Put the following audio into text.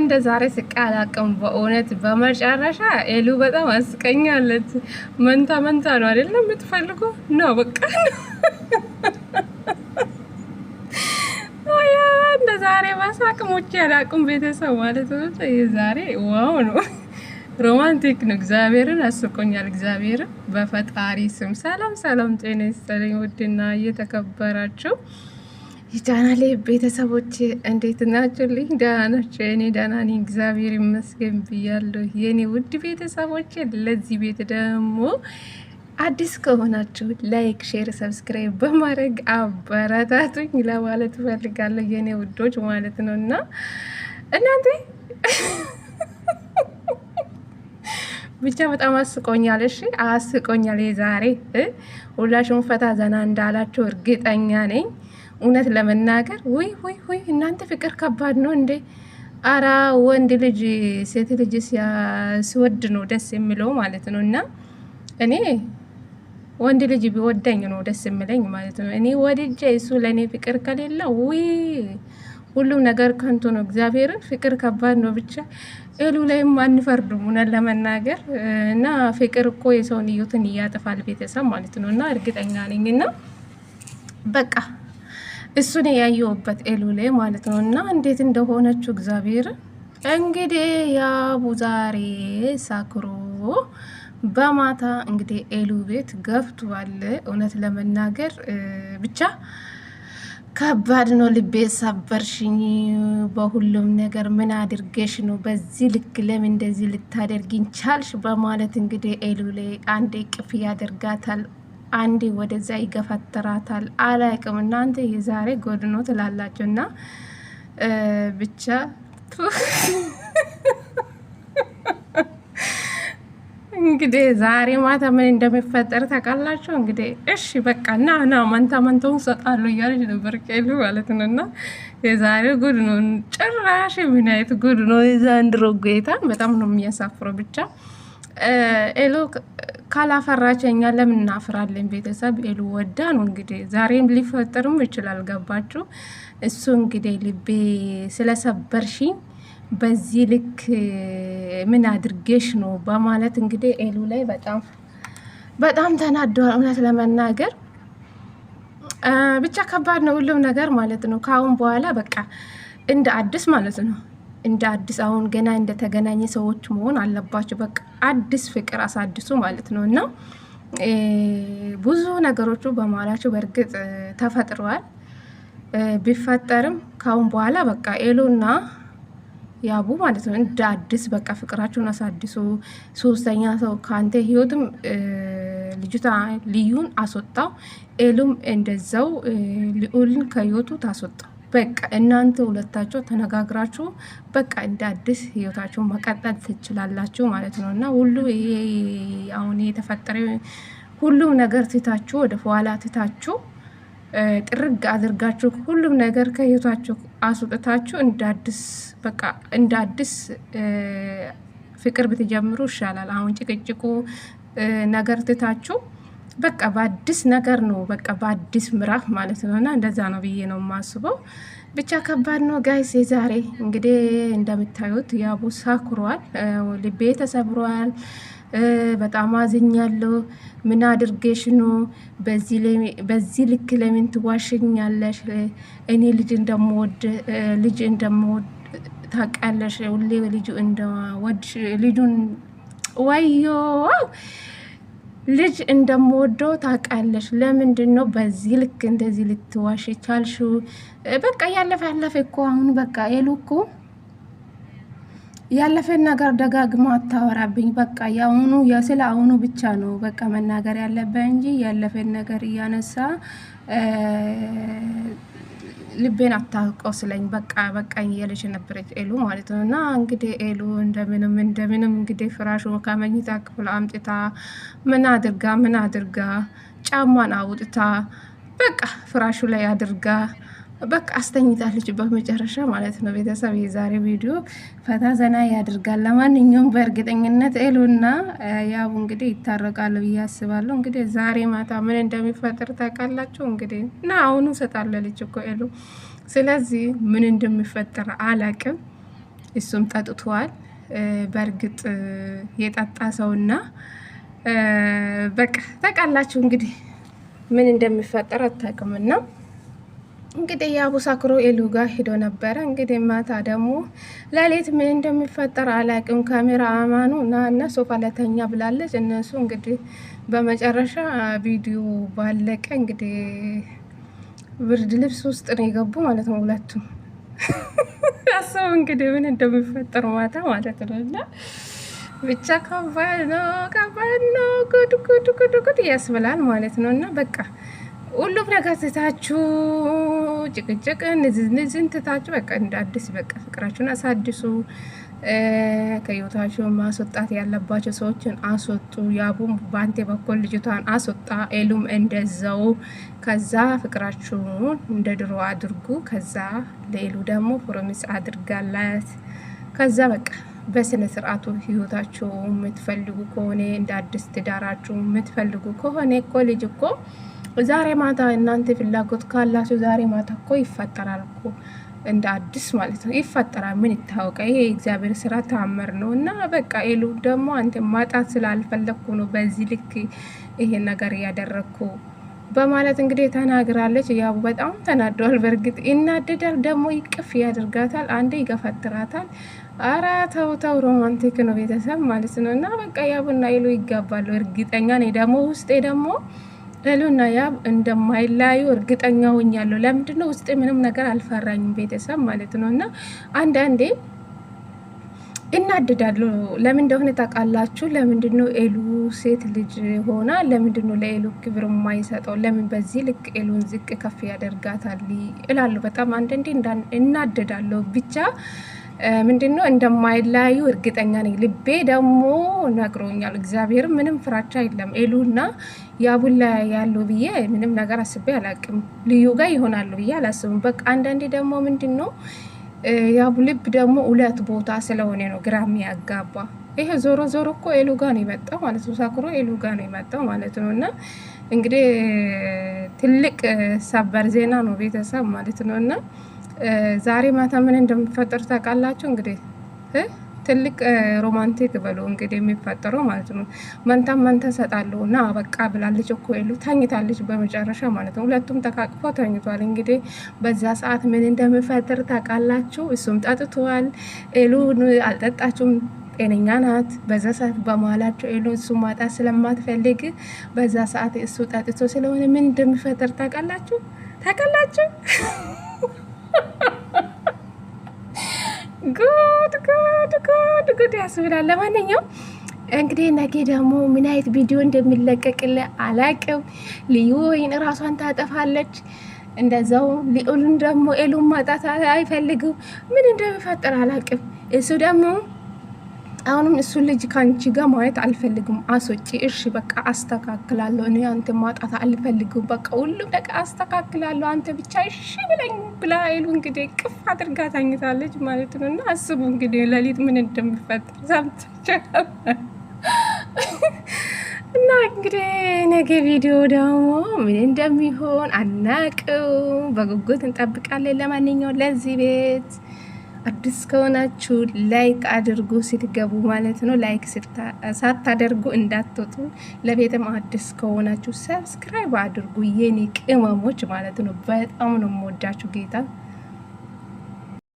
እንደ ዛሬ ስቃ አላቅም። በእውነት በመጨረሻ ኤሉ በጣም አስቀኛለት መንታ መንታ ነው አይደለም የምትፈልጉ ነው በቃ እንደ ዛሬ ማሳቅሞች አላቅም። ቤተሰብ ማለት ዛሬ ዋው ነው። ሮማንቲክ ነው። እግዚአብሔርን አስቆኛል። እግዚአብሔርን በፈጣሪ ስም ሰላም ሰላም፣ ጤና ይስጥልኝ ውድና እየተከበራችሁ የቻናሌ ቤተሰቦች እንዴት ናችሁልኝ? ደህና ናቸው? የኔ ደህና ነኝ እግዚአብሔር ይመስገን ብያለሁ። የኔ ውድ ቤተሰቦች ለዚህ ቤት ደግሞ አዲስ ከሆናችሁ ላይክ፣ ሼር፣ ሰብስክራይብ በማድረግ አበረታቱኝ ለማለት እፈልጋለሁ የኔ ውዶች ማለት ነው እና እናንተ ብቻ በጣም አስቆኛል። እሺ አስቆኛል። የዛሬ ሁላችሁም ፈታ ዘና እንዳላችሁ እርግጠኛ ነኝ። እውነት ለመናገር ውይ ውይ ውይ እናንተ ፍቅር ከባድ ነው እንዴ! አራ ወንድ ልጅ ሴት ልጅ ሲወድ ነው ደስ የሚለው ማለት ነው። እና እኔ ወንድ ልጅ ቢወደኝ ነው ደስ የሚለኝ ማለት ነው። እኔ ወድጄ እሱ ለእኔ ፍቅር ከሌለ ውይ ሁሉም ነገር ከንቱ ነው። እግዚአብሔርን ፍቅር ከባድ ነው። ብቻ እሉ ላይም አንፈርድም እውነት ለመናገር እና ፍቅር እኮ የሰውን ህይወትን እያጠፋል ቤተሰብ ማለት ነው እና እርግጠኛ ነኝ እና በቃ እሱን ያየውበት እሉ ላይ ማለት ነው እና እንዴት እንደሆነችው እግዚአብሔር እንግዲህ ያቡ ዛሬ ሳክሮ በማታ እንግዲህ ኤሉ ቤት ገብቷል። እውነት ለመናገር ብቻ ከባድ ነው። ልቤ ሰበርሽኝ በሁሉም ነገር። ምን አድርገሽ ነው በዚህ ልክ ለምን እንደዚህ ልታደርግኝ ቻልሽ? በማለት እንግዲህ ኤሉሌ አንዴ ቅፍ ያደርጋታል፣ አንዴ ወደዛ ይገፈትራታል። አላቅም እናንተ የዛሬ ጎድኖ ትላላችሁ እና ብቻ እንግዲህ ዛሬ ማታ ምን እንደሚፈጠር ታውቃላችሁ። እንግዲህ እሺ በቃ ና ና መንታ መንታውን ሰጣሉ እያለች ነበር ቄሉ ማለት ነው። እና የዛሬ ጉድ ነው ጭራሽ የሚናየት ጉድ ነው የዘንድሮ ጌታን በጣም ነው የሚያሳፍረው። ብቻ ኤሎ ካላፈራች እኛ ለምን እናፍራለን? ቤተሰብ ኤሉ ወዳ ነው እንግዲህ ዛሬም ሊፈጠርም ይችላል። ገባችሁ? እሱ እንግዲህ ልቤ ስለሰበርሽኝ በዚህ ልክ ምን አድርጌሽ ነው በማለት እንግዲህ ኤሉ ላይ በጣም በጣም ተናደዋል። እውነት ለመናገር ብቻ ከባድ ነው ሁሉም ነገር ማለት ነው። ከአሁን በኋላ በቃ እንደ አዲስ ማለት ነው እንደ አዲስ አሁን ገና እንደተገናኘ ሰዎች መሆን አለባቸው። በቃ አዲስ ፍቅር አሳድሱ ማለት ነው እና ብዙ ነገሮቹ በማላቸው በእርግጥ ተፈጥረዋል። ቢፈጠርም ከአሁን በኋላ በቃ ኤሉና ያቡ ማለት ነው። እንደ አዲስ በቃ ፍቅራቸውን አሳድሶ ሶስተኛ ሰው ከአንተ ህይወትም ልጅቷ ልዩን አስወጣው፣ ኤሉም እንደዛው ልዑልን ከህይወቱ ታስወጣው። በቃ እናንተ ሁለታቸው ተነጋግራችሁ በቃ እንደ አዲስ ህይወታችሁ መቀጠል ትችላላችሁ ማለት ነው እና ሁሉ ይሄ አሁን የተፈጠረ ሁሉም ነገር ትታችሁ ወደ ኋላ ትታችሁ ጥርግ አድርጋችሁ ሁሉም ነገር ከህይወታችሁ አስወጥታችሁ እንዳዲስ በቃ እንዳዲስ ፍቅር ብትጀምሩ ይሻላል። አሁን ጭቅጭቁ ነገር ትታችሁ በቃ በአዲስ ነገር ነው በቃ በአዲስ ምዕራፍ ማለት ነው። እና እንደዛ ነው ብዬ ነው የማስበው። ብቻ ከባድ ነው ጋይስ። ዛሬ እንግዲህ እንደምታዩት ያቡ ሳክሯል፣ ልቤ ተሰብሯል። በጣም አዝኛለሁ። ምን አድርጌሽ ነው በዚህ ልክ ለምን ትዋሽኛለሽ? እኔ ልጅ እንደምወድ ልጅ እንደምወድ ታውቂያለሽ። ሁሌ ልጁ እንደወድ ልጁን ወዮ ልጅ እንደምወደው ታውቂያለሽ። ለምንድን ነው በዚህ ልክ እንደዚህ ልትዋሽ ቻልሽ? በቃ ያለፈ ያለፈ እኮ አሁን በቃ የሉኩ ያለፈን ነገር ደጋግማ አታወራብኝ። በቃ የአሁኑ ስለ አሁኑ ብቻ ነው በቃ መናገር ያለበት እንጂ ያለፈን ነገር እያነሳ ልቤን አታቆስለኝ። በቃ በቃ እያለች ነበረች ኤሉ ማለት ነው። እና እንግዲህ ኤሉ እንደምንም እንደምንም እንግዲህ ፍራሹ ከመኝታ ክፍል አምጥታ ምን አድርጋ ምን አድርጋ ጫማን አውጥታ በቃ ፍራሹ ላይ አድርጋ በቃ አስተኝታለች በመጨረሻ ማለት ነው። ቤተሰብ የዛሬ ቪዲዮ ፈታ ዘና ያድርጋል። ለማንኛውም በእርግጠኝነት ኤሉና ያቡ እንግዲህ ይታረቃሉ ብዬ አስባለሁ። እንግዲህ ዛሬ ማታ ምን እንደሚፈጥር ታውቃላችሁ። እንግዲህ እና አሁኑ ሰጣለች እኮ ኤሉ። ስለዚህ ምን እንደሚፈጥር አላቅም። እሱም ጠጥቷል። በእርግጥ የጠጣ ሰውና በቃ ታውቃላችሁ እንግዲህ ምን እንደሚፈጠር አታውቅምና እንግዲህ የአቡ ሳክሮ ኤሉ ጋር ሂዶ ነበረ። እንግዲህ ማታ ደግሞ ለሌት ምን እንደሚፈጠር አላቅም። ካሜራ አማኑ እና ሶፋ ለተኛ ብላለች። እነሱ እንግዲህ በመጨረሻ ቪዲዮ ባለቀ እንግዲህ ብርድ ልብስ ውስጥ ነው የገቡ ማለት ነው ሁለቱ። አስቡ እንግዲህ ምን እንደሚፈጠር ማታ ማለት ነው እና ብቻ ከባድ ነው፣ ከባድ ነው። ጉድ ጉድ ጉድ ጉድ ያስብላል ማለት ነው እና በቃ ሁሉም ነገር ትታችሁ ጭቅጭቅ ንዝንዝን ትታችሁ በቃ እንደ አዲስ በቃ ፍቅራችሁን አሳድሱ። ከህይወታችሁ ማስወጣት ያለባቸው ሰዎችን አስወጡ። ያቡም በአንቴ በኩል ልጅቷን አስወጣ፣ ኤሉም እንደዛው። ከዛ ፍቅራችሁን እንደ ድሮ አድርጉ። ከዛ ሌሉ ደግሞ ፕሮሚስ አድርጋላት። ከዛ በቃ በስነ ስርዓቱ ህይወታችሁ የምትፈልጉ ከሆነ እንደ አዲስ ትዳራችሁ የምትፈልጉ ከሆነ እኮ ልጅ እኮ ዛሬ ማታ እናንተ ፍላጎት ካላችሁ ዛሬ ማታ እኮ ይፈጠራል እኮ እንደ አዲስ ማለት ነው። ይፈጠራል። ምን ይታወቀ? ይሄ እግዚአብሔር ስራ ተአምር ነው። እና በቃ ኤሉ ደግሞ አንተ ማጣት ስላልፈለግኩ ነው በዚህ ልክ ይሄ ነገር እያደረግኩ በማለት እንግዲህ ተናግራለች። ያው በጣም ተናደዋል። በእርግጥ ይናደዳል፣ ደግሞ ይቅፍ ያደርጋታል፣ አንዴ ይገፈትራታል። አረ ተው ተው፣ ሮማንቲክ ነው ቤተሰብ ማለት ነው። እና በቃ ያቡና ኤሉ ይጋባሉ፣ እርግጠኛ ነኝ። ደግሞ ውስጤ ደግሞ ሄሉና ያብ እንደማይለያዩ እርግጠኛ ሆኛለሁ። ለምንድን ነው ውስጤ ምንም ነገር አልፈራኝም፣ ቤተሰብ ማለት ነው። እና አንዳንዴ እናድዳሉ። ለምን እንደሆነ ታውቃላችሁ? ለምንድን ነው ኤሉ ሴት ልጅ ሆና ለምንድን ነው ለኤሉ ክብር የማይሰጠው? ለምን በዚህ ልክ ኤሉን ዝቅ ከፍ ያደርጋታል? እላለሁ። በጣም አንዳንዴ እናድዳለሁ ብቻ ምንድነው እንደማይላዩ እንደማይለያዩ እርግጠኛ ነኝ። ልቤ ደግሞ ነግሮኛል። እግዚአብሔር ምንም ፍራቻ የለም። ኤሉና ያቡላ ያሉ ብዬ ምንም ነገር አስቤ አላቅም። ልዩ ጋር ይሆናሉ ብዬ አላስብም። በቃ አንዳንዴ ደግሞ ምንድነው ያቡ ልብ ደግሞ ሁለት ቦታ ስለሆነ ነው ግራ የሚያጋባ። ይሄ ዞሮ ዞሮ እኮ ኤሉ ጋ ነው የመጣው ማለት ነው። ኤሉ ጋ ነው የመጣው ማለት ነው። እና እንግዲህ ትልቅ ሰበር ዜና ነው ቤተሰብ ማለት ነው እና ዛሬ ማታ ምን እንደምፈጠር ታውቃላችሁ እንግዲህ ትልቅ ሮማንቲክ በሉ እንግዲህ የሚፈጠረው ማለት ነው። መንታም መንታ ሰጣለሁ እና በቃ ብላለች እኮ የሉ ተኝታለች፣ በመጨረሻ ማለት ነው። ሁለቱም ተቃቅፎ ተኝቷል። እንግዲህ በዛ ሰዓት ምን እንደሚፈጥር ታውቃላችሁ። እሱም ጠጥቷል፣ ሉ አልጠጣችሁም፣ ጤነኛ ናት። በዛ ሰዓት በመሀላቸው ሉ እሱ ማጣት ስለማትፈልግ በዛ ሰዓት እሱ ጠጥቶ ስለሆነ ምን እንደሚፈጥር ታውቃላችሁ ታውቃላችሁ ጉድ ጉድ ጉድ ጉድ ያስብላል። ለማንኛውም እንግዲህ ነገ ደግሞ ምን አይነት ቪዲዮ እንደሚለቀቅል አላቅም። ልዩ ወይን ራሷን ታጠፋለች፣ እንደዛው ሊኦልን ደግሞ ኤሉን ማጣት አይፈልግም። ምን እንደሚፈጠር አላቅም። እሱ ደግሞ አሁንም እሱ ልጅ ከአንቺ ጋር ማየት አልፈልግም፣ አስወጪ። እሺ በቃ አስተካክላለሁ። እኔ አንተ ማጣት አልፈልግም። በቃ ሁሉም ነገር አስተካክላለሁ። አንተ ብቻ እሺ ብለኝ ብላ ይሉ እንግዲህ ቅፍ አድርጋ ታኝታለች ማለት ነው። እና አስቡ እንግዲህ ሌሊት ምን እንደሚፈጠር ሰምታችኋል። እና እንግዲህ ነገ ቪዲዮ ደግሞ ምን እንደሚሆን አናቅም፣ በጉጉት እንጠብቃለን። ለማንኛውም ለዚህ ቤት አዲስ ከሆናችሁ ላይክ አድርጉ ስትገቡ ማለት ነው። ላይክ ሳታደርጉ እንዳትወጡ። ለቤተም አዲስ ከሆናችሁ ሰብስክራይብ አድርጉ የኔ ቅመሞች ማለት ነው። በጣም ነው የምወዳችሁ ጌታ